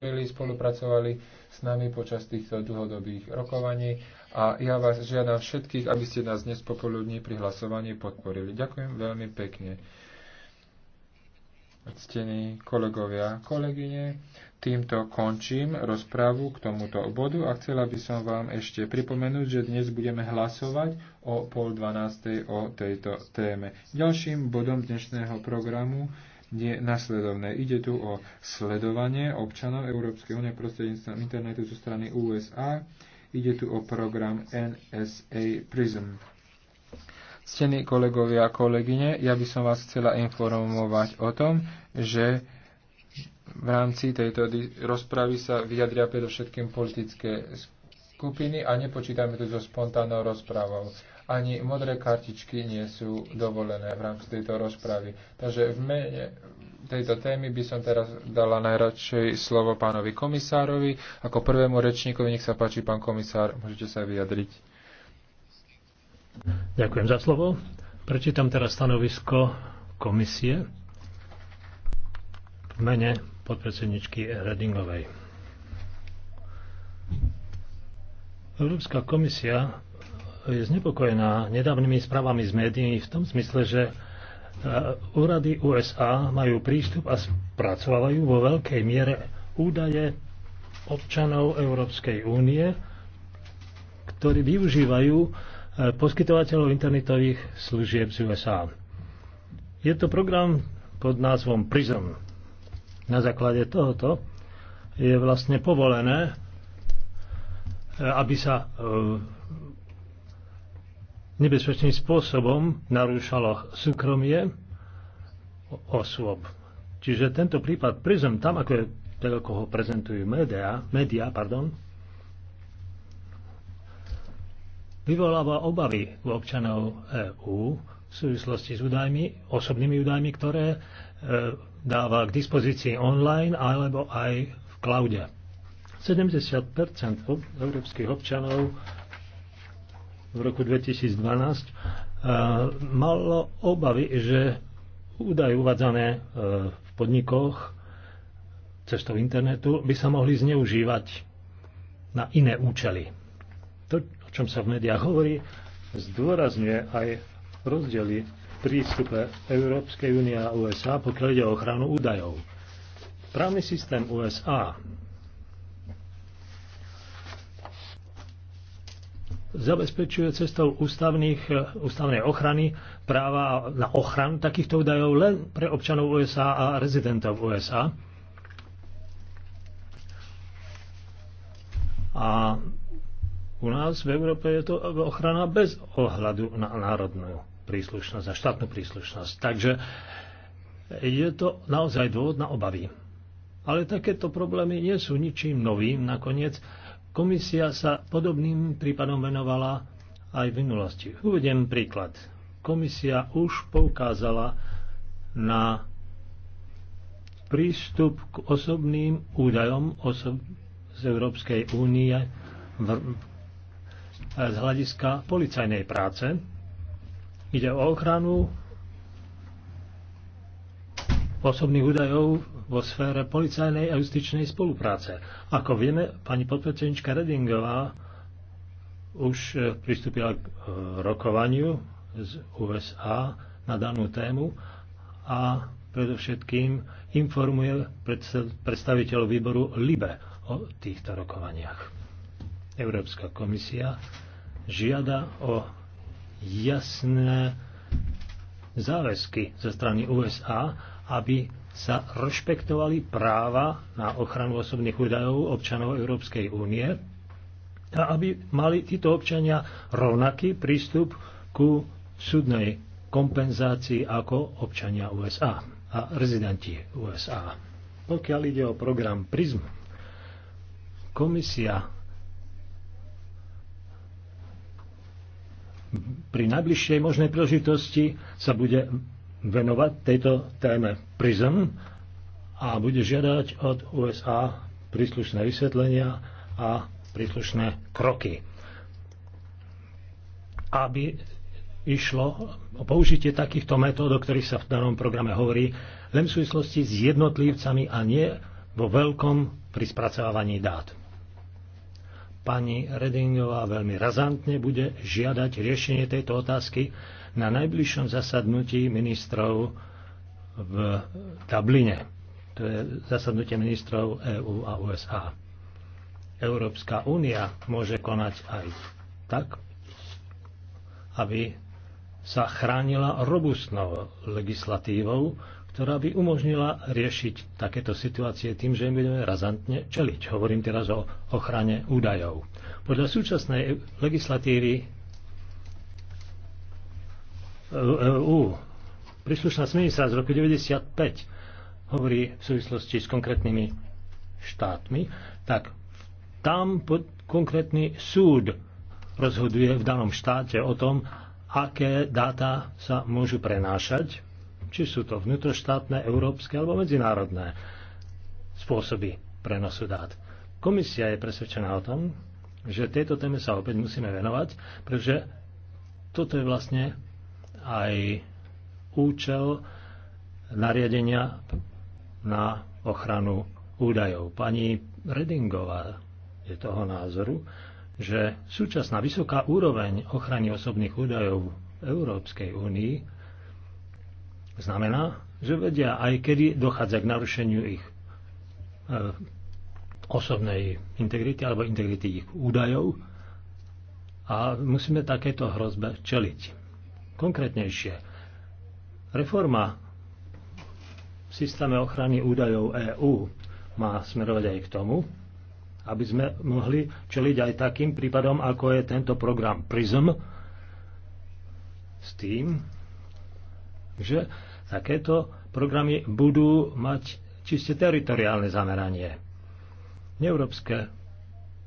podporili, spolupracovali s nami počas týchto dlhodobých rokovaní a ja vás žiadam všetkých, aby ste nás dnes popoludní pri hlasovaní podporili. Ďakujem veľmi pekne. Ctení kolegovia, kolegyne, týmto končím rozprávu k tomuto bodu a chcela by som vám ešte pripomenúť, že dnes budeme hlasovať o pol dvanástej o tejto téme. Ďalším bodom dnešného programu nie nasledovné. Ide tu o sledovanie občanov Európskej únie prostredníctvom internetu zo strany USA. Ide tu o program NSA PRISM. Ctení kolegovia a kolegyne, ja by som vás chcela informovať o tom, že v rámci tejto rozpravy sa vyjadria predovšetkým politické skupiny a nepočítame to so spontánnou rozprávou ani modré kartičky nie sú dovolené v rámci tejto rozpravy. Takže v mene tejto témy by som teraz dala najradšej slovo pánovi komisárovi. Ako prvému rečníkovi, nech sa páči, pán komisár, môžete sa vyjadriť. Ďakujem za slovo. Prečítam teraz stanovisko komisie v mene podpredsedničky Redingovej. Európska komisia je znepokojená nedávnymi správami z médií v tom smysle, že e, úrady USA majú prístup a spracovávajú vo veľkej miere údaje občanov Európskej únie, ktorí využívajú e, poskytovateľov internetových služieb z USA. Je to program pod názvom PRISM. Na základe tohoto je vlastne povolené, e, aby sa nebezpečným spôsobom narúšalo súkromie osôb. Čiže tento prípad prizem tam, ako, je, tak ako ho prezentujú médiá, médiá pardon, vyvoláva obavy u občanov EÚ v súvislosti s údajmi, osobnými údajmi, ktoré e, dáva k dispozícii online alebo aj v cloude. 70 európskych občanov v roku 2012 e, malo obavy, že údaje uvádzané e, v podnikoch cestou internetu by sa mohli zneužívať na iné účely. To, o čom sa v médiách hovorí, zdôrazňuje aj rozdiely v prístupe Európskej únie a USA, pokiaľ ide o ochranu údajov. Právny systém USA zabezpečuje cestou ústavných, e, ústavnej ochrany práva na ochranu takýchto údajov len pre občanov USA a rezidentov USA. A u nás v Európe je to ochrana bez ohľadu na národnú príslušnosť, na štátnu príslušnosť. Takže je to naozaj dôvod na obavy. Ale takéto problémy nie sú ničím novým. Nakoniec Komisia sa podobným prípadom venovala aj v minulosti. Uvediem príklad. Komisia už poukázala na prístup k osobným údajom osob z Európskej únie z hľadiska policajnej práce. Ide o ochranu osobných údajov vo sfére policajnej a justičnej spolupráce. Ako vieme, pani podpredsednička Redingová už e, pristúpila k e, rokovaniu z USA na danú tému a predovšetkým informuje predstaviteľ výboru LIBE o týchto rokovaniach. Európska komisia žiada o jasné záväzky ze strany USA aby sa rešpektovali práva na ochranu osobných údajov občanov Európskej únie a aby mali títo občania rovnaký prístup ku súdnej kompenzácii ako občania USA a rezidenti USA. Pokiaľ ide o program PRISM, komisia pri najbližšej možnej príležitosti sa bude venovať tejto téme PRISM a bude žiadať od USA príslušné vysvetlenia a príslušné kroky, aby išlo o použitie takýchto metód, o ktorých sa v danom programe hovorí, len v súvislosti s jednotlivcami a nie vo veľkom pri spracovávaní dát pani Redingová veľmi razantne bude žiadať riešenie tejto otázky na najbližšom zasadnutí ministrov v Dubline. To je zasadnutie ministrov EÚ a USA. Európska únia môže konať aj tak, aby sa chránila robustnou legislatívou, ktorá by umožnila riešiť takéto situácie tým, že im budeme razantne čeliť. Hovorím teraz o ochrane údajov. Podľa súčasnej legislatívy EU príslušná smenica z roku 95 hovorí v súvislosti s konkrétnymi štátmi, tak tam pod konkrétny súd rozhoduje v danom štáte o tom, aké dáta sa môžu prenášať či sú to vnútroštátne, európske alebo medzinárodné spôsoby prenosu dát. Komisia je presvedčená o tom, že tejto téme sa opäť musíme venovať, pretože toto je vlastne aj účel nariadenia na ochranu údajov. Pani Redingová je toho názoru, že súčasná vysoká úroveň ochrany osobných údajov v Európskej únii Znamená, že vedia aj kedy dochádza k narušeniu ich eh, osobnej integrity alebo integrity ich údajov a musíme takéto hrozbe čeliť. Konkrétnejšie, reforma v systéme ochrany údajov EÚ má smerovať aj k tomu, aby sme mohli čeliť aj takým prípadom, ako je tento program PRISM, s tým, že Takéto programy budú mať čiste teritoriálne zameranie. Európske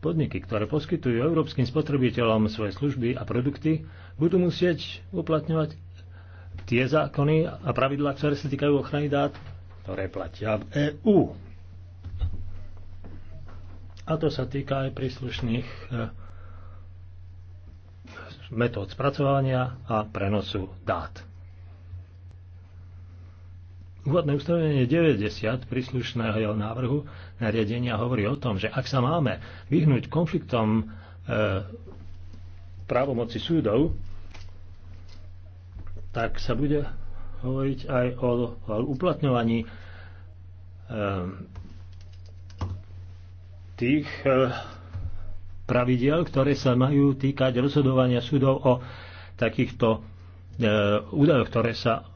podniky, ktoré poskytujú európskym spotrebiteľom svoje služby a produkty, budú musieť uplatňovať tie zákony a pravidlá, ktoré sa týkajú ochrany dát, ktoré platia v EÚ. A to sa týka aj príslušných eh, metód spracovania a prenosu dát. Úvodné ustanovenie 90 príslušného návrhu nariadenia hovorí o tom, že ak sa máme vyhnúť konfliktom e, právomoci súdov, tak sa bude hovoriť aj o, o uplatňovaní e, tých e, pravidiel, ktoré sa majú týkať rozhodovania súdov o takýchto e, údajoch, ktoré sa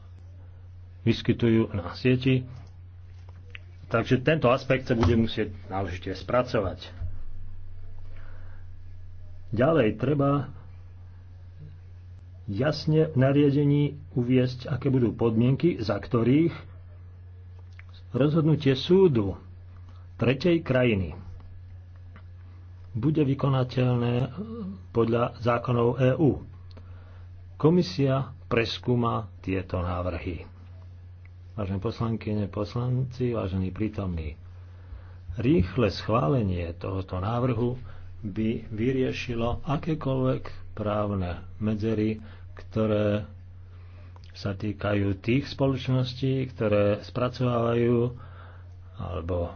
vyskytujú na sieti. Takže tento aspekt sa bude musieť náležite spracovať. Ďalej treba jasne v nariadení uviesť, aké budú podmienky, za ktorých rozhodnutie súdu tretej krajiny bude vykonateľné podľa zákonov EÚ. Komisia preskúma tieto návrhy vážené poslankyne, poslanci, vážení prítomní. Rýchle schválenie tohoto návrhu by vyriešilo akékoľvek právne medzery, ktoré sa týkajú tých spoločností, ktoré spracovávajú alebo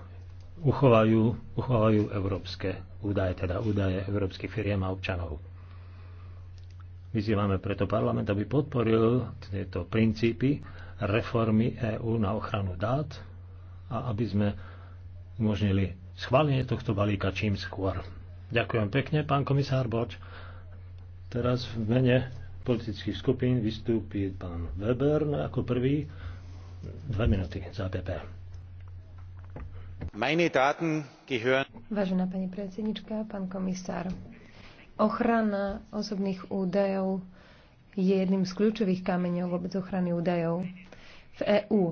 uchovajú, uchovajú európske údaje, teda údaje európskych firiem a občanov. Vyzývame preto parlament, aby podporil tieto princípy reformy EÚ na ochranu dát a aby sme umožnili schválenie tohto balíka čím skôr. Ďakujem pekne, pán komisár Boč. Teraz v mene politických skupín vystúpi pán Weber ako prvý. Dve minúty za PP. Vážená pani predsednička, pán komisár, ochrana osobných údajov je jedným z kľúčových kameňov vôbec ochrany údajov v EÚ.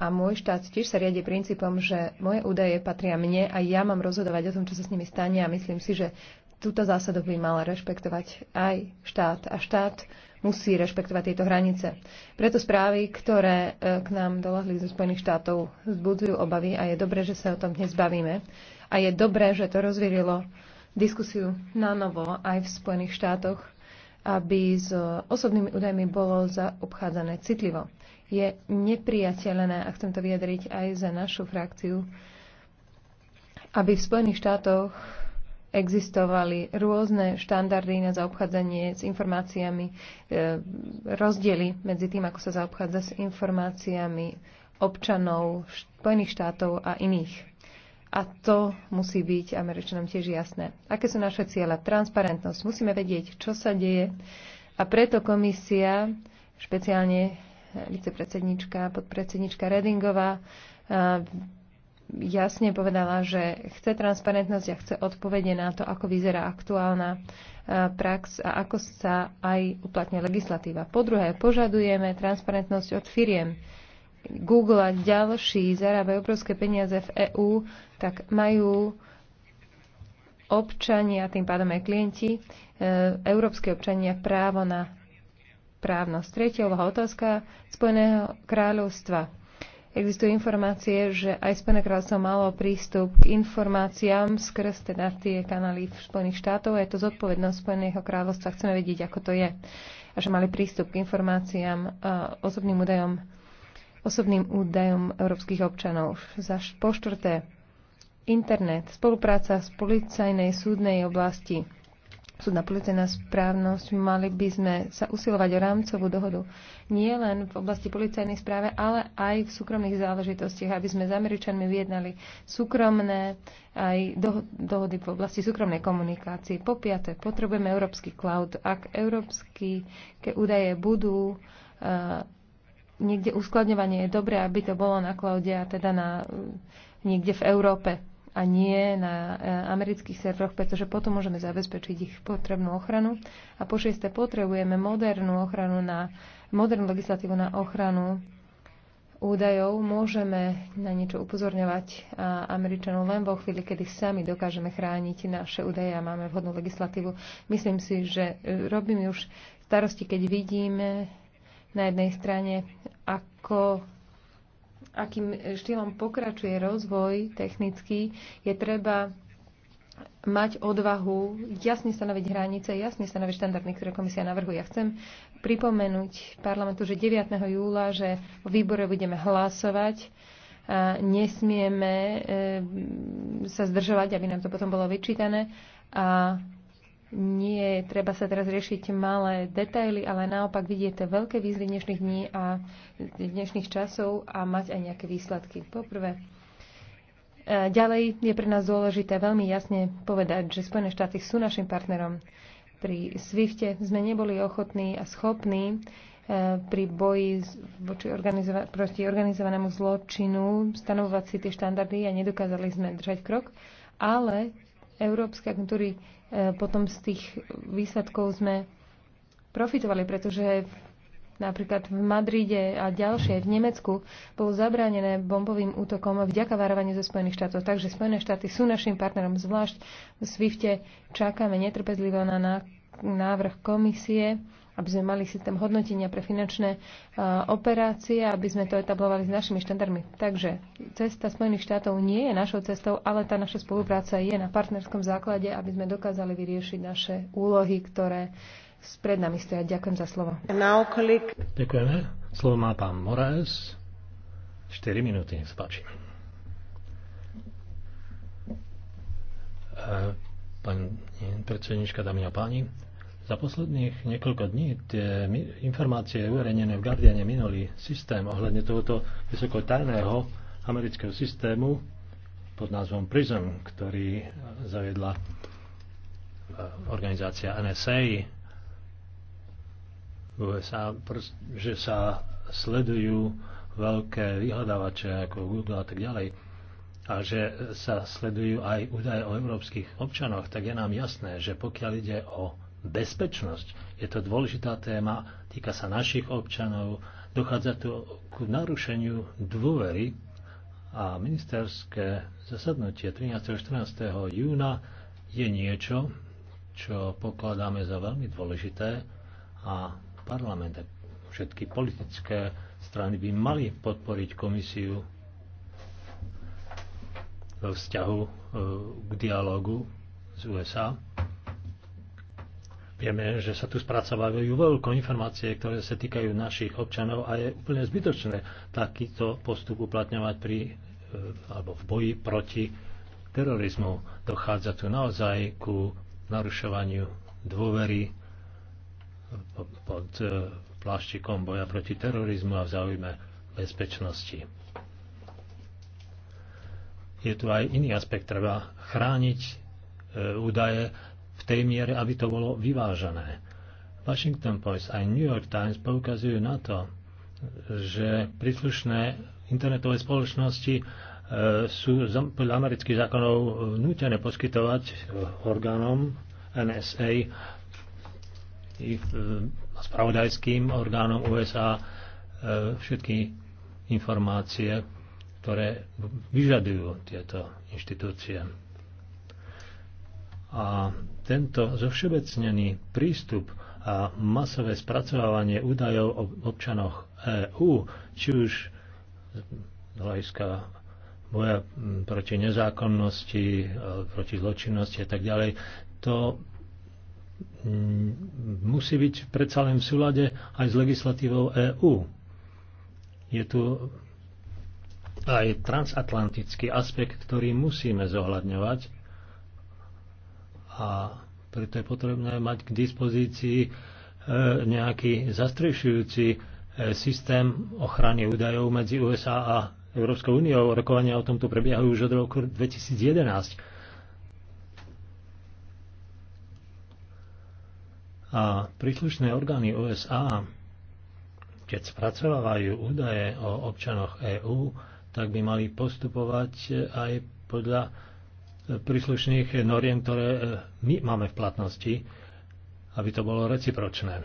A môj štát tiež sa riadi princípom, že moje údaje patria mne a ja mám rozhodovať o tom, čo sa s nimi stane a myslím si, že túto zásadu by mal rešpektovať aj štát. A štát musí rešpektovať tieto hranice. Preto správy, ktoré e, k nám dolahli zo Spojených štátov, vzbudzujú obavy a je dobré, že sa o tom dnes bavíme. A je dobré, že to rozvírilo diskusiu na novo aj v Spojených štátoch, aby s osobnými údajmi bolo zaobchádzané citlivo je nepriateľné, a chcem to vyjadriť aj za našu frakciu, aby v Spojených štátoch existovali rôzne štandardy na zaobchádzanie s informáciami, e, rozdiely medzi tým, ako sa zaobchádza s informáciami občanov Spojených štátov a iných. A to musí byť Američanom tiež jasné. Aké sú naše ciele? Transparentnosť. Musíme vedieť, čo sa deje. A preto komisia, špeciálne vicepredsednička, podpredsednička Redingová e, jasne povedala, že chce transparentnosť a chce odpovede na to, ako vyzerá aktuálna e, prax a ako sa aj uplatňuje legislatíva. Po druhé, požadujeme transparentnosť od firiem. Google a ďalší zarábajú obrovské peniaze v EÚ, tak majú občania, tým pádom aj klienti, e, európske občania právo na správnosť. Tretia úloha otázka Spojeného kráľovstva. Existujú informácie, že aj Spojené kráľovstvo malo prístup k informáciám skrz teda tie kanály v Spojených štátov a je to zodpovednosť Spojeného kráľovstva. Chceme vedieť, ako to je. A že mali prístup k informáciám, e, osobným údajom, osobným údajom európskych občanov. Za po štvrté, internet, spolupráca s policajnej súdnej oblasti súdna policajná správnosť, mali by sme sa usilovať o rámcovú dohodu. Nie len v oblasti policajnej správe, ale aj v súkromných záležitostiach, aby sme s Američanmi vyjednali súkromné aj dohody v oblasti súkromnej komunikácie. Po piate, potrebujeme európsky cloud. Ak európske údaje budú uh, niekde uskladňovanie, je dobré, aby to bolo na cloude a teda na, e, niekde v Európe a nie na e, amerických serveroch, pretože potom môžeme zabezpečiť ich potrebnú ochranu. A po šieste potrebujeme modernú ochranu na modernú legislatívu na ochranu údajov môžeme na niečo upozorňovať e, Američanov len vo chvíli, kedy sami dokážeme chrániť naše údaje a máme vhodnú legislatívu. Myslím si, že e, robím už starosti, keď vidíme na jednej strane, ako akým štýlom pokračuje rozvoj technický, je treba mať odvahu jasne stanoviť hranice, jasne stanoviť štandardy, ktoré komisia navrhuje. Ja chcem pripomenúť parlamentu, že 9. júla, že v výbore budeme hlasovať a nesmieme e, sa zdržovať, aby nám to potom bolo vyčítané a nie treba sa teraz riešiť malé detaily, ale naopak vidieť tie veľké výzvy dnešných dní a dnešných časov a mať aj nejaké výsledky. Poprvé, e, ďalej je pre nás dôležité veľmi jasne povedať, že Spojené štáty sú našim partnerom. Pri Swifte sme neboli ochotní a schopní e, pri boji voči organizova- proti organizovanému zločinu stanovovať si tie štandardy a nedokázali sme držať krok, ale európske agentúry E, potom z tých výsledkov sme profitovali, pretože napríklad v Madride a ďalšie v Nemecku bolo zabránené bombovým útokom vďaka varovaniu zo Spojených štátov. Takže Spojené štáty sú našim partnerom, zvlášť v Swifte čakáme netrpezlivo na návrh komisie aby sme mali systém hodnotenia pre finančné operácie, aby sme to etablovali s našimi štandardmi. Takže cesta Spojených štátov nie je našou cestou, ale tá naša spolupráca je na partnerskom základe, aby sme dokázali vyriešiť naše úlohy, ktoré pred nami stoja. Ďakujem za slovo. Ďakujeme. Slovo má pán Moraes. 4 minúty, nech sa páči. E, Pani predsednička, dámy a páni, za posledných niekoľko dní tie informácie uverejnené v Guardiane minulý systém ohľadne tohoto vysokotajného amerického systému pod názvom PRISM, ktorý zaviedla e, organizácia NSA v USA, že sa sledujú veľké vyhľadávače ako Google a tak ďalej a že sa sledujú aj údaje o európskych občanoch, tak je nám jasné, že pokiaľ ide o bezpečnosť. Je to dôležitá téma, týka sa našich občanov, dochádza tu k narušeniu dôvery a ministerské zasadnutie 13. a 14. júna je niečo, čo pokladáme za veľmi dôležité a parlament a všetky politické strany by mali podporiť komisiu vo vzťahu e, k dialogu z USA Vieme, že sa tu spracovávajú veľko informácie, ktoré sa týkajú našich občanov a je úplne zbytočné takýto postup uplatňovať pri e, alebo v boji proti terorizmu. Dochádza tu naozaj ku narušovaniu dôvery pod e, pláštikom boja proti terorizmu a v záujme bezpečnosti. Je tu aj iný aspekt, treba chrániť e, údaje tej miere, aby to bolo vyvážené. Washington Post aj New York Times poukazujú na to, že príslušné internetové spoločnosti e, sú podľa amerických zákonov e, nútené poskytovať e, orgánom NSA i spravodajským orgánom USA všetky informácie, ktoré vyžadujú tieto inštitúcie. A tento zovšebecnený prístup a masové spracovávanie údajov o občanoch EÚ, či už z hľadiska boja proti nezákonnosti, proti zločinnosti a tak ďalej, to musí byť predsa len v súlade aj s legislatívou EÚ. Je tu aj transatlantický aspekt, ktorý musíme zohľadňovať a preto je potrebné mať k dispozícii e, nejaký zastrešujúci e, systém ochrany údajov medzi USA a Európskou úniou. Rokovania o tomto prebiehajú už od roku 2011. A príslušné orgány USA, keď spracovávajú údaje o občanoch EÚ, tak by mali postupovať e, aj podľa príslušných noriem, ktoré e, my máme v platnosti, aby to bolo recipročné.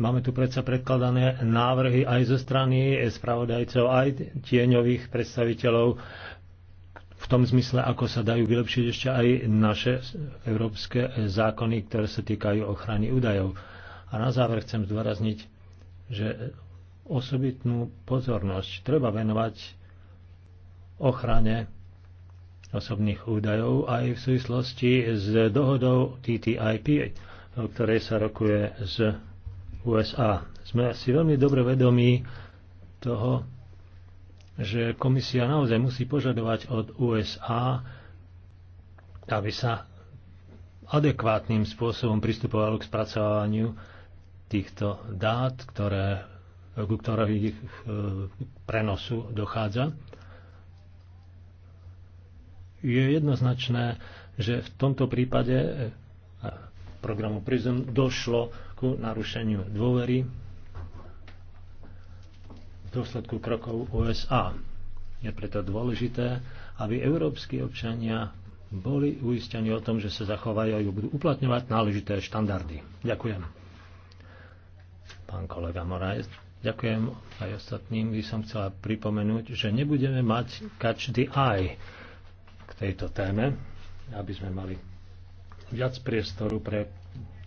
Máme tu predsa predkladané návrhy aj zo strany spravodajcov, aj tieňových predstaviteľov v tom zmysle, ako sa dajú vylepšiť ešte aj naše európske zákony, ktoré sa týkajú ochrany údajov. A na záver chcem zdôrazniť, že osobitnú pozornosť treba venovať ochrane osobných údajov aj v súvislosti s dohodou TTIP, o ktorej sa rokuje z USA. Sme si veľmi dobre vedomí toho, že komisia naozaj musí požadovať od USA, aby sa adekvátnym spôsobom pristupovalo k spracovávaniu týchto dát, ktoré ku ich eh, prenosu dochádza. Je jednoznačné, že v tomto prípade eh, programu PRISM došlo ku narušeniu dôvery v dôsledku krokov USA. Je preto dôležité, aby európsky občania boli uistení o tom, že sa zachovajú a budú uplatňovať náležité štandardy. Ďakujem. Pán kolega Moraes. Ďakujem aj ostatným. By som chcela pripomenúť, že nebudeme mať the eye k tejto téme, aby sme mali viac priestoru pre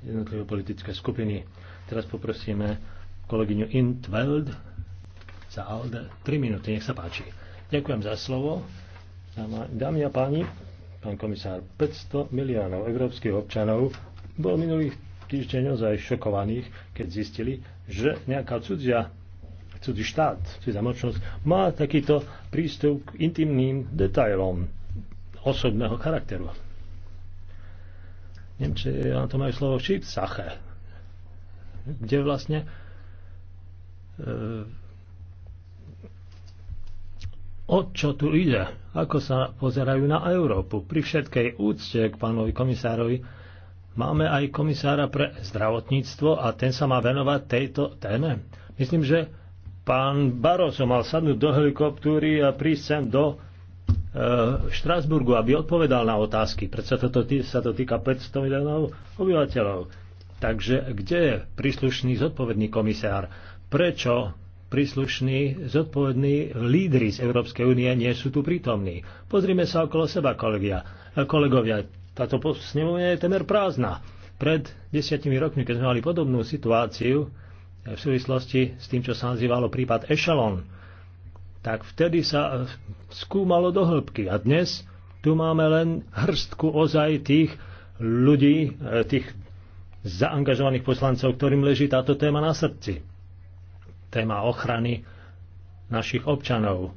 jednotlivé politické skupiny. Teraz poprosíme kolegyňu Intveld za ALDE. 3 minúty, nech sa páči. Ďakujem za slovo. Dámy a páni, pán komisár, 500 miliónov európskych občanov bol minulých týždeň ozaj šokovaných, keď zistili, že nejaká cudzia, cudzí štát, cudzia močnosť má takýto prístup k intimným detailom osobného charakteru. Nemci na to majú slovo šípsache, kde vlastne e, o čo tu ide, ako sa pozerajú na Európu. Pri všetkej úcte k pánovi komisárovi Máme aj komisára pre zdravotníctvo a ten sa má venovať tejto téme. Myslím, že pán Barroso mal sadnúť do helikoptúry a prísť sem do e, Štrásburgu, aby odpovedal na otázky. Prečo toto sa to týka 500 miliónov obyvateľov. Takže kde je príslušný zodpovedný komisár? Prečo príslušní zodpovední lídry z Európskej únie nie sú tu prítomní. Pozrime sa okolo seba, kolegia. kolegovia. Táto snemovňa je temer prázdna. Pred desiatimi rokmi, keď sme mali podobnú situáciu e, v súvislosti s tým, čo sa nazývalo prípad Echelon, tak vtedy sa e, skúmalo do hĺbky. A dnes tu máme len hrstku ozaj tých ľudí, e, tých zaangažovaných poslancov, ktorým leží táto téma na srdci. Téma ochrany našich občanov,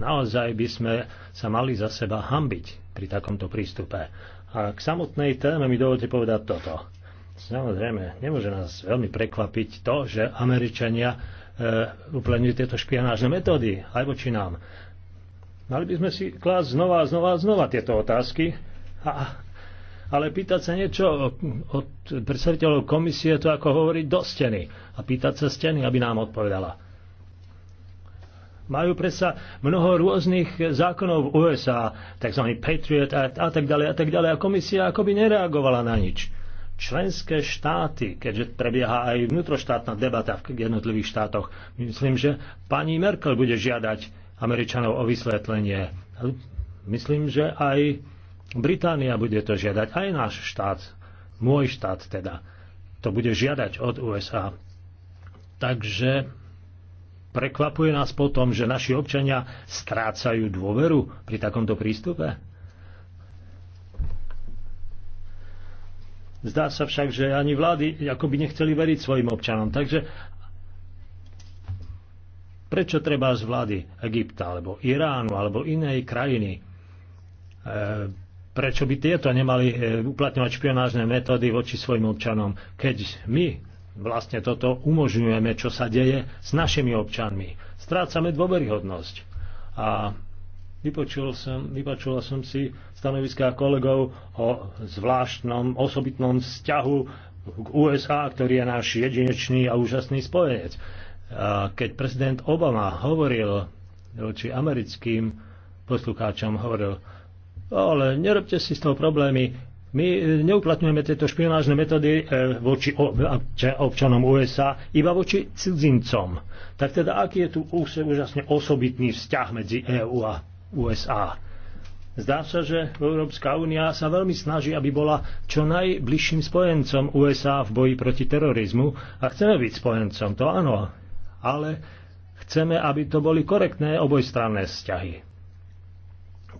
Naozaj by sme sa mali za seba hambiť pri takomto prístupe. A k samotnej téme mi dovolte povedať toto. Samozrejme, nemôže nás veľmi prekvapiť to, že Američania e, uplenili tieto špionážne metódy aj voči nám. Mali by sme si klásť znova a znova a znova tieto otázky, a, ale pýtať sa niečo od predstaviteľov komisie, to ako hovoriť do steny. A pýtať sa steny, aby nám odpovedala. Majú predsa mnoho rôznych zákonov v USA, tzv. Patriot Act a tak ďalej a tak ďalej. A komisia akoby nereagovala na nič. Členské štáty, keďže prebieha aj vnútroštátna debata v jednotlivých štátoch, myslím, že pani Merkel bude žiadať Američanov o vysvetlenie. Myslím, že aj Británia bude to žiadať, aj náš štát, môj štát teda, to bude žiadať od USA. Takže Prekvapuje nás potom, že naši občania strácajú dôveru pri takomto prístupe? Zdá sa však, že ani vlády ako by nechceli veriť svojim občanom. Takže prečo treba z vlády Egypta, alebo Iránu, alebo inej krajiny? E, prečo by tieto nemali e, uplatňovať špionážne metódy voči svojim občanom, keď my vlastne toto umožňujeme, čo sa deje s našimi občanmi. Strácame dôveryhodnosť. A vypočul som, vypočula som si stanoviská kolegov o zvláštnom osobitnom vzťahu k USA, ktorý je náš jedinečný a úžasný spojenec. A keď prezident Obama hovoril voči americkým poslucháčom, hovoril, ale nerobte si z toho problémy, my e, neuplatňujeme tieto špionážne metódy e, voči občanom USA, iba voči cudzincom. Tak teda, aký je tu e, úžasne osobitný vzťah medzi EÚ a USA? Zdá sa, že Európska únia sa veľmi snaží, aby bola čo najbližším spojencom USA v boji proti terorizmu a chceme byť spojencom, to áno, ale chceme, aby to boli korektné obojstranné vzťahy.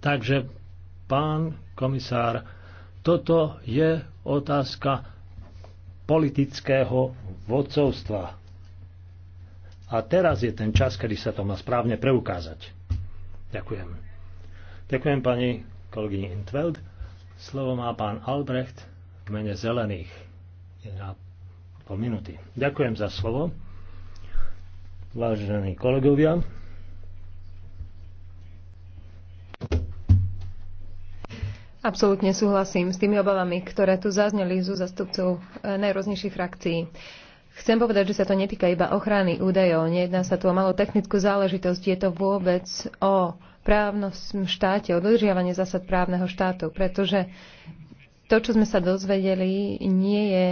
Takže, pán komisár, toto je otázka politického vodcovstva. A teraz je ten čas, kedy sa to má správne preukázať. Ďakujem. Ďakujem pani kolegyni Intveld. Slovo má pán Albrecht v mene zelených. Je na pol minúty. Ďakujem za slovo. Vážení kolegovia, Absolútne súhlasím s tými obavami, ktoré tu zazneli zo zastupcov eh, najrôznejších frakcií. Chcem povedať, že sa to netýka iba ochrany údajov. Nejedná sa tu o malú technickú záležitosť. Je to vôbec o právnom štáte, o dodržiavanie zásad právneho štátu, pretože to, čo sme sa dozvedeli, nie je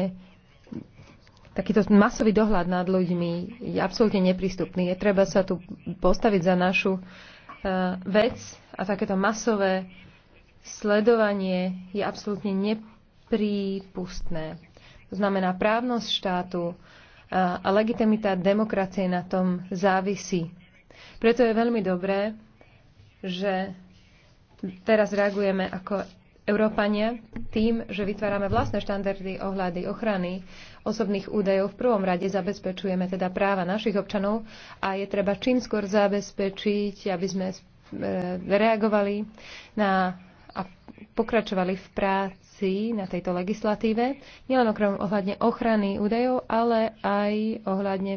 takýto masový dohľad nad ľuďmi je absolútne neprístupný. Je treba sa tu postaviť za našu uh, vec a takéto masové sledovanie je absolútne neprípustné. To znamená právnosť štátu a legitimita demokracie na tom závisí. Preto je veľmi dobré, že teraz reagujeme ako Európania tým, že vytvárame vlastné štandardy ohľady ochrany osobných údajov. V prvom rade zabezpečujeme teda práva našich občanov a je treba čím skôr zabezpečiť, aby sme e, reagovali na a pokračovali v práci na tejto legislatíve, nielen okrem ohľadne ochrany údajov, ale aj ohľadne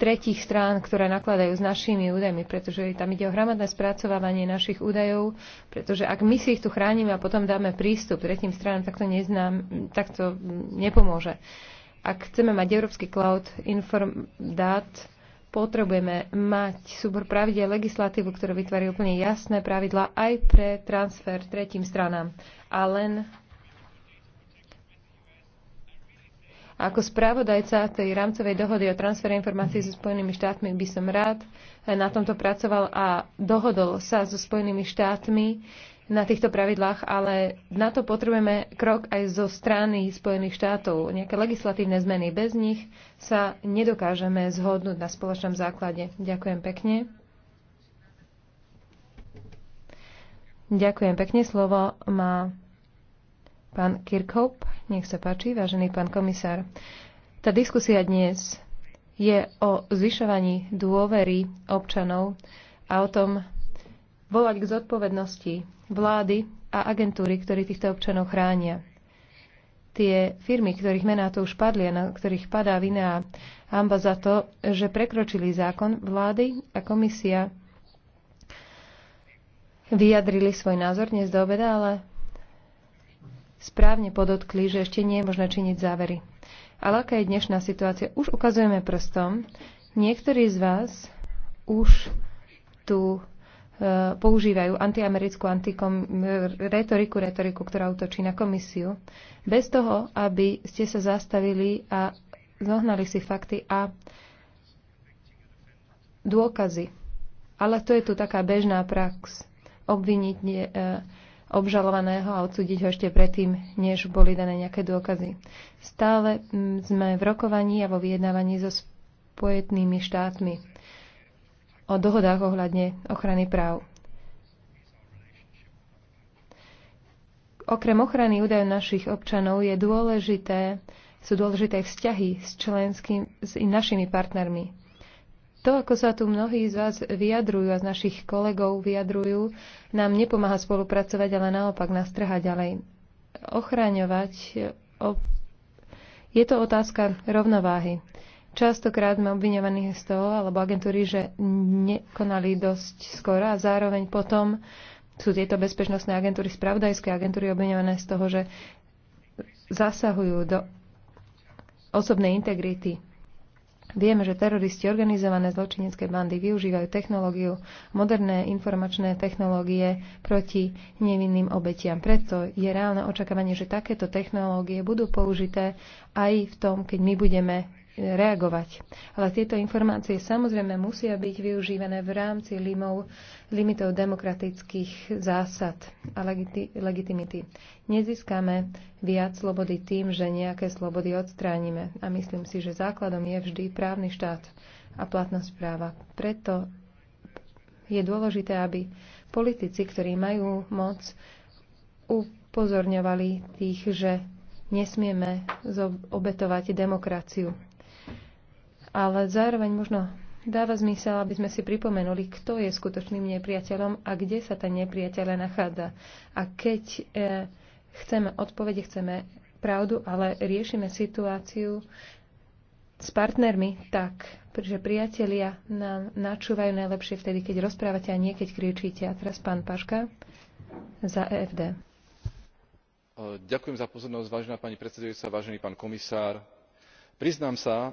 tretích strán, ktoré nakladajú s našimi údajmi, pretože tam ide o hromadné spracovávanie našich údajov, pretože ak my si ich tu chránime a potom dáme prístup tretím stranám, tak to, neznám, tak to nepomôže. Ak chceme mať európsky cloud inform dát, potrebujeme mať súbor pravidel legislatívu, ktorá vytvorí úplne jasné pravidla aj pre transfer tretím stranám. A len ako spravodajca tej rámcovej dohody o transfere informácií so Spojenými štátmi by som rád na tomto pracoval a dohodol sa so Spojenými štátmi na týchto pravidlách, ale na to potrebujeme krok aj zo strany Spojených štátov, nejaké legislatívne zmeny. Bez nich sa nedokážeme zhodnúť na spoločnom základe. Ďakujem pekne. Ďakujem pekne. Slovo má pán Kirkhope. Nech sa páči, vážený pán komisár. Tá diskusia dnes je o zvyšovaní dôvery občanov a o tom, volať k zodpovednosti vlády a agentúry, ktorí týchto občanov chránia. Tie firmy, ktorých mená to už padli a na ktorých padá vina hamba za to, že prekročili zákon vlády a komisia vyjadrili svoj názor dnes do obeda, ale správne podotkli, že ešte nie je možné činiť závery. Ale aká je dnešná situácia? Už ukazujeme prstom. Niektorí z vás už tu používajú antiamerickú antikom, retoriku, retoriku, ktorá útočí na komisiu, bez toho, aby ste sa zastavili a zohnali si fakty a dôkazy. Ale to je tu taká bežná prax. Obviniť e, obžalovaného a odsúdiť ho ešte predtým, než boli dané nejaké dôkazy. Stále mm, sme v rokovaní a vo vyjednávaní so Spojenými štátmi o dohodách ohľadne ochrany práv. Okrem ochrany údajov našich občanov je dôležité, sú dôležité vzťahy s, členským, s našimi partnermi. To, ako sa tu mnohí z vás vyjadrujú a z našich kolegov vyjadrujú, nám nepomáha spolupracovať, ale naopak nás trhá ďalej. Ochraňovať. Je to otázka rovnováhy. Častokrát sme obviňovaní z toho, alebo agentúry, že nekonali dosť skoro a zároveň potom sú tieto bezpečnostné agentúry, spravodajské agentúry obviňované z toho, že zasahujú do osobnej integrity Vieme, že teroristi organizované zločinecké bandy využívajú technológiu, moderné informačné technológie proti nevinným obetiam. Preto je reálne očakávanie, že takéto technológie budú použité aj v tom, keď my budeme reagovať. Ale tieto informácie samozrejme musia byť využívané v rámci limov, limitov demokratických zásad a legiti- legitimity. Nezískame viac slobody tým, že nejaké slobody odstránime. A myslím si, že základom je vždy právny štát a platnosť práva. Preto je dôležité, aby politici, ktorí majú moc, upozorňovali tých, že nesmieme obetovať demokraciu ale zároveň možno dáva zmysel, aby sme si pripomenuli, kto je skutočným nepriateľom a kde sa ten nepriateľ nachádza. A keď e, chceme odpovede, chceme pravdu, ale riešime situáciu s partnermi tak, že priatelia nám načúvajú najlepšie vtedy, keď rozprávate a nie keď kričíte. A teraz pán Paška za EFD. Ďakujem za pozornosť, vážená pani predsedujúca, vážený pán komisár. Priznám sa,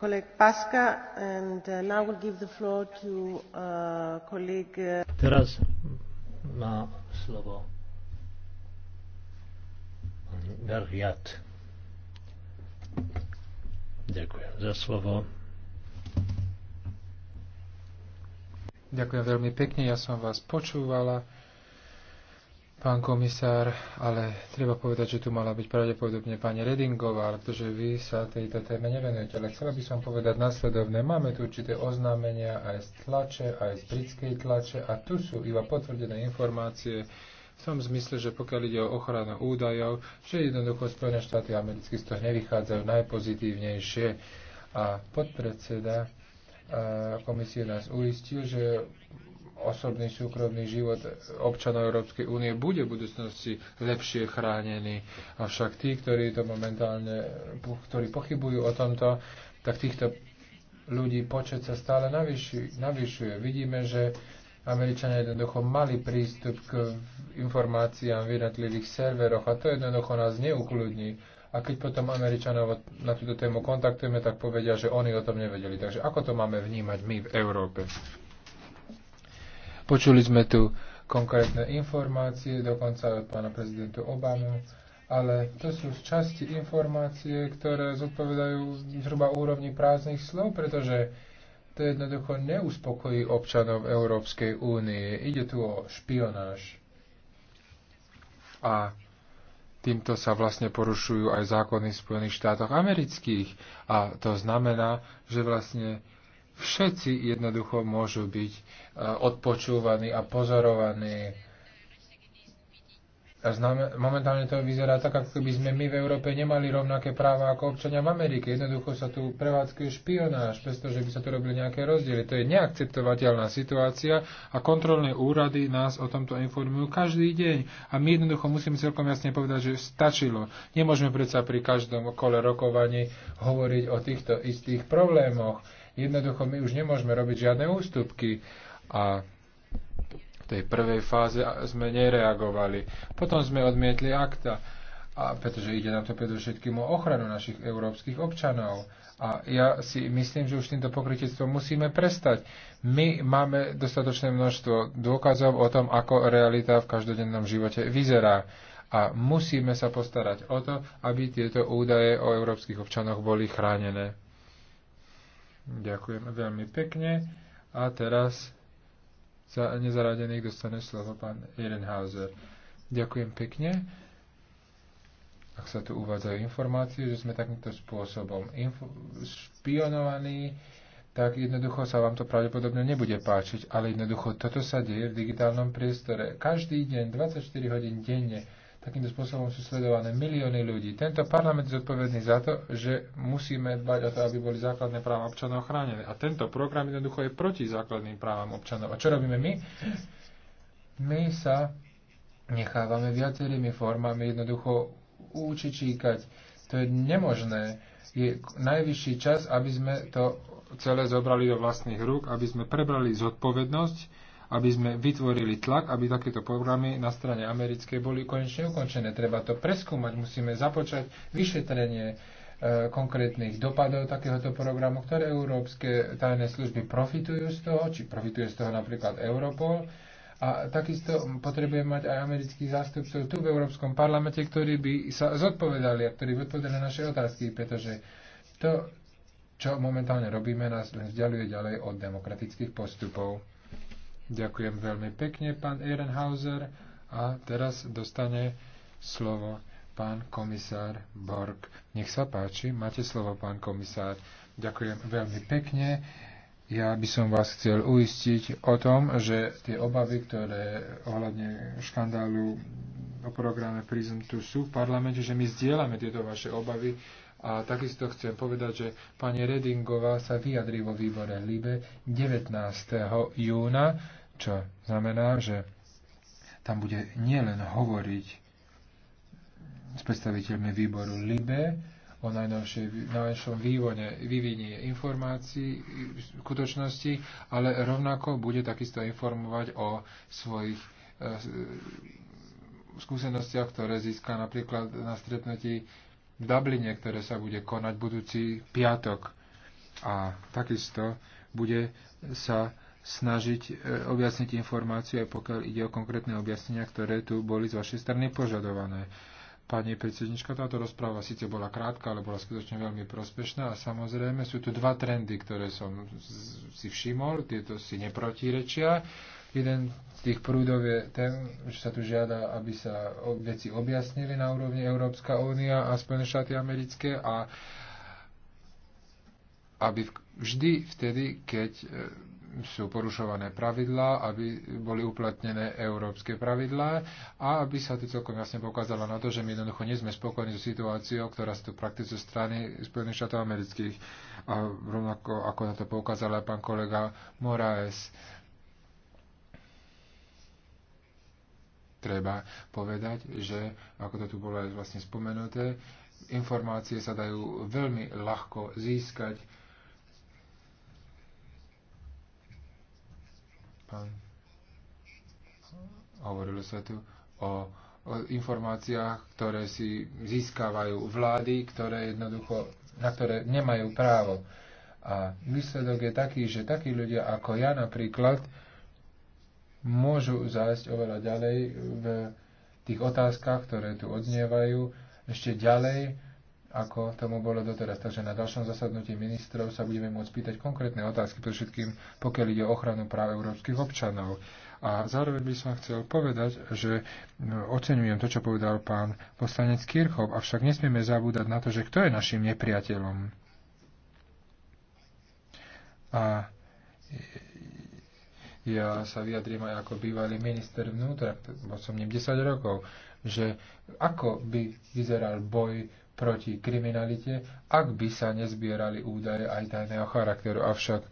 Uh, uh, uh, Teraz má slovo Verriat. Ďakujem za slovo. Ďakujem veľmi pekne, ja som vás počúvala pán komisár, ale treba povedať, že tu mala byť pravdepodobne pani Redingová, pretože vy sa tejto téme nevenujete. Ale chcela by som povedať následovné. Máme tu určité oznámenia aj z tlače, aj z britskej tlače a tu sú iba potvrdené informácie v tom zmysle, že pokiaľ ide o ochranu údajov, že jednoducho Spojené štáty americké z toho nevychádzajú najpozitívnejšie. A podpredseda komisie nás uistil, že osobný súkromný život občanov Európskej únie bude v budúcnosti lepšie chránený. Avšak tí, ktorí to momentálne, ktorí pochybujú o tomto, tak týchto ľudí počet sa stále navyšuje. Vidíme, že Američania jednoducho mali prístup k informáciám v jednotlivých serveroch a to jednoducho nás neukľudní. A keď potom Američanov na túto tému kontaktujeme, tak povedia, že oni o tom nevedeli. Takže ako to máme vnímať my v Európe? Počuli sme tu konkrétne informácie, dokonca od pána prezidentu Obamu, ale to sú z časti informácie, ktoré zodpovedajú zhruba úrovni prázdnych slov, pretože to jednoducho neuspokojí občanov Európskej únie. Ide tu o špionáž. A týmto sa vlastne porušujú aj zákony v Spojených štátoch amerických. A to znamená, že vlastne všetci jednoducho môžu byť e, odpočúvaní a pozorovaní. A známe, momentálne to vyzerá tak, ako keby sme my v Európe nemali rovnaké práva ako občania v Amerike. Jednoducho sa tu prevádzkuje špionáž, pretože by sa tu robili nejaké rozdiely. To je neakceptovateľná situácia a kontrolné úrady nás o tomto informujú každý deň. A my jednoducho musíme celkom jasne povedať, že stačilo. Nemôžeme predsa pri každom kole rokovaní hovoriť o týchto istých problémoch. Jednoducho my už nemôžeme robiť žiadne ústupky a v tej prvej fáze sme nereagovali. Potom sme odmietli akta, a pretože ide nám to predovšetkým o ochranu našich európskych občanov. A ja si myslím, že už týmto pokrytectvom musíme prestať. My máme dostatočné množstvo dôkazov o tom, ako realita v každodennom živote vyzerá a musíme sa postarať o to, aby tieto údaje o európskych občanoch boli chránené. Ďakujem veľmi pekne. A teraz za nezaradených dostane slovo pán Ehrenhauser. Ďakujem pekne. Ak sa tu uvádzajú informácie, že sme takýmto spôsobom špionovaní, tak jednoducho sa vám to pravdepodobne nebude páčiť, ale jednoducho toto sa deje v digitálnom priestore. Každý deň, 24 hodín denne, Takýmto spôsobom sú sledované milióny ľudí. Tento parlament je zodpovedný za to, že musíme dbať o to, aby boli základné práva občanov chránené. A tento program jednoducho je proti základným právam občanov. A čo robíme my? My sa nechávame viacerými formami jednoducho učičíkať. To je nemožné. Je najvyšší čas, aby sme to celé zobrali do vlastných rúk, aby sme prebrali zodpovednosť aby sme vytvorili tlak, aby takéto programy na strane americkej boli konečne ukončené. Treba to preskúmať, musíme započať vyšetrenie e, konkrétnych dopadov takéhoto programu, ktoré európske tajné služby profitujú z toho, či profituje z toho napríklad Europol. A takisto potrebujeme mať aj amerických zástupcov tu v Európskom parlamente, ktorí by sa zodpovedali a ktorí by odpovedali na naše otázky, pretože to, čo momentálne robíme, nás len vzdialuje ďalej od demokratických postupov. Ďakujem veľmi pekne, pán Ehrenhauser. A teraz dostane slovo pán komisár Borg. Nech sa páči, máte slovo, pán komisár. Ďakujem veľmi pekne. Ja by som vás chcel uistiť o tom, že tie obavy, ktoré ohľadne škandálu o programe Prism tu sú v parlamente, že my zdieľame tieto vaše obavy a takisto chcem povedať, že pani Redingová sa vyjadri vo výbore LIBE 19. júna, čo znamená, že tam bude nielen hovoriť s predstaviteľmi výboru LIBE, o najnovšom vývone, vyvinie informácií, skutočnosti, ale rovnako bude takisto informovať o svojich e, e skúsenostiach, ktoré získa napríklad na stretnutí v Dubline, ktoré sa bude konať budúci piatok. A takisto bude sa snažiť e, objasniť informáciu, aj pokiaľ ide o konkrétne objasnenia, ktoré tu boli z vašej strany požadované. Pani predsednička, táto rozpráva síce bola krátka, ale bola skutočne veľmi prospešná a samozrejme sú tu dva trendy, ktoré som si všimol, tieto si neprotirečia Jeden z tých prúdov je ten, že sa tu žiada, aby sa veci objasnili na úrovni Európska únia a Spojené štáty americké a aby vždy vtedy, keď e, sú porušované pravidlá, aby boli uplatnené európske pravidlá a aby sa tu celkom jasne pokázalo na to, že my jednoducho nie sme spokojní so situáciou, ktorá sa tu praktizuje zo strany Spojených štátov amerických a rovnako ako na to poukázal aj pán kolega Moraes. treba povedať, že, ako to tu bolo aj vlastne spomenuté, informácie sa dajú veľmi ľahko získať. Pán, hovorilo sa tu o, o informáciách, ktoré si získavajú vlády, ktoré jednoducho, na ktoré nemajú právo. A výsledok je taký, že takí ľudia ako ja napríklad, môžu zájsť oveľa ďalej v tých otázkach, ktoré tu odnievajú, ešte ďalej, ako tomu bolo doteraz. Takže na ďalšom zasadnutí ministrov sa budeme môcť pýtať konkrétne otázky, pre všetkým, pokiaľ ide o ochranu práv európskych občanov. A zároveň by som chcel povedať, že e, oceňujem to, čo povedal pán poslanec Kirchhoff, avšak nesmieme zabúdať na to, že kto je našim nepriateľom. A ja sa vyjadrím aj ako bývalý minister vnútra, bol som ním 10 rokov, že ako by vyzeral boj proti kriminalite, ak by sa nezbierali údaje aj tajného charakteru. Avšak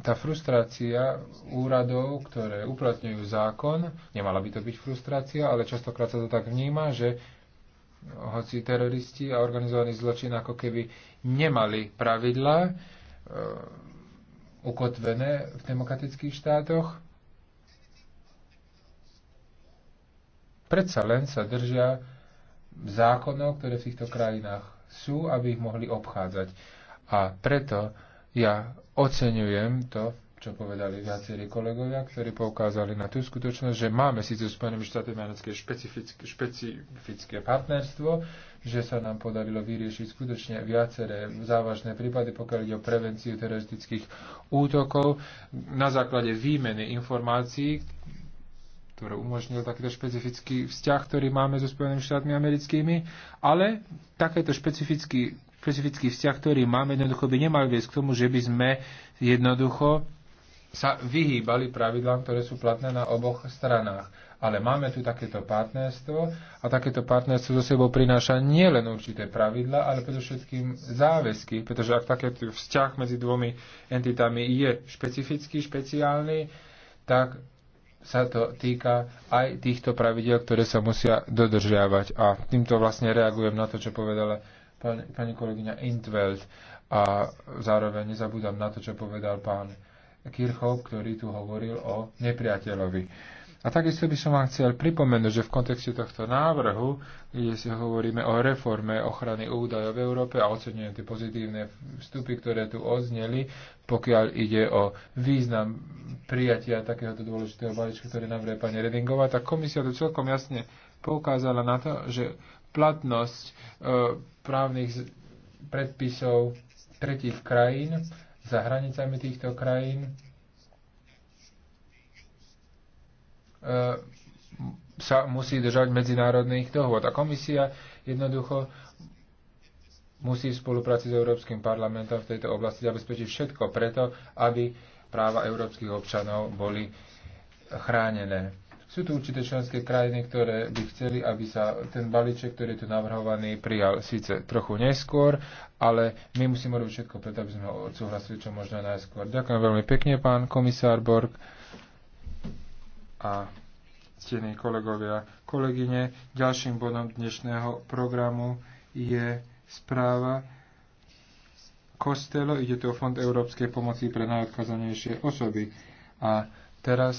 tá frustrácia úradov, ktoré uplatňujú zákon, nemala by to byť frustrácia, ale častokrát sa to tak vníma, že hoci teroristi a organizovaný zločin ako keby nemali pravidlá, ukotvené v demokratických štátoch, predsa len sa držia zákonov, ktoré v týchto krajinách sú, aby ich mohli obchádzať. A preto ja oceňujem to, čo povedali viacerí kolegovia, ktorí poukázali na tú skutočnosť, že máme síce s Spojenými štátmi americké špecifické, špecifické partnerstvo, že sa nám podarilo vyriešiť skutočne viaceré závažné prípady, pokiaľ ide o prevenciu teroristických útokov na základe výmeny informácií, ktoré umožnil takýto špecifický vzťah, ktorý máme so Spojenými štátmi americkými, ale takéto špecifický, špecifický vzťah, ktorý máme, jednoducho by nemal viesť k tomu, že by sme jednoducho sa vyhýbali pravidlám, ktoré sú platné na oboch stranách. Ale máme tu takéto partnerstvo a takéto partnerstvo so sebou prináša nielen určité pravidla, ale predovšetkým záväzky, pretože ak takéto vzťah medzi dvomi entitami je špecifický, špeciálny, tak sa to týka aj týchto pravidel, ktoré sa musia dodržiavať. A týmto vlastne reagujem na to, čo povedala pani, pani kolegyňa Intveld a zároveň nezabúdam na to, čo povedal pán Kirchhoff, ktorý tu hovoril o nepriateľovi. A takisto by som vám chcel pripomenúť, že v kontexte tohto návrhu, kde si hovoríme o reforme ochrany údajov v Európe a ocenujem tie pozitívne vstupy, ktoré tu odzneli, pokiaľ ide o význam prijatia takéhoto dôležitého balíčka, ktoré navrhuje pani Redingová, tak komisia to celkom jasne poukázala na to, že platnosť e, právnych predpisov tretich krajín za hranicami týchto krajín e, sa musí držať medzinárodných dohôd. A komisia jednoducho musí v spolupráci s Európskym parlamentom v tejto oblasti zabezpečiť všetko preto, aby práva európskych občanov boli chránené. Sú tu určité členské krajiny, ktoré by chceli, aby sa ten balíček, ktorý je tu navrhovaný, prijal síce trochu neskôr, ale my musíme robiť všetko preto, aby sme ho odsúhlasili čo možno najskôr. Ďakujem veľmi pekne, pán komisár Borg. A ctení kolegovia, kolegyne, ďalším bodom dnešného programu je správa Kostelo, ide to o Fond Európskej pomoci pre najodkazanejšie osoby. A teraz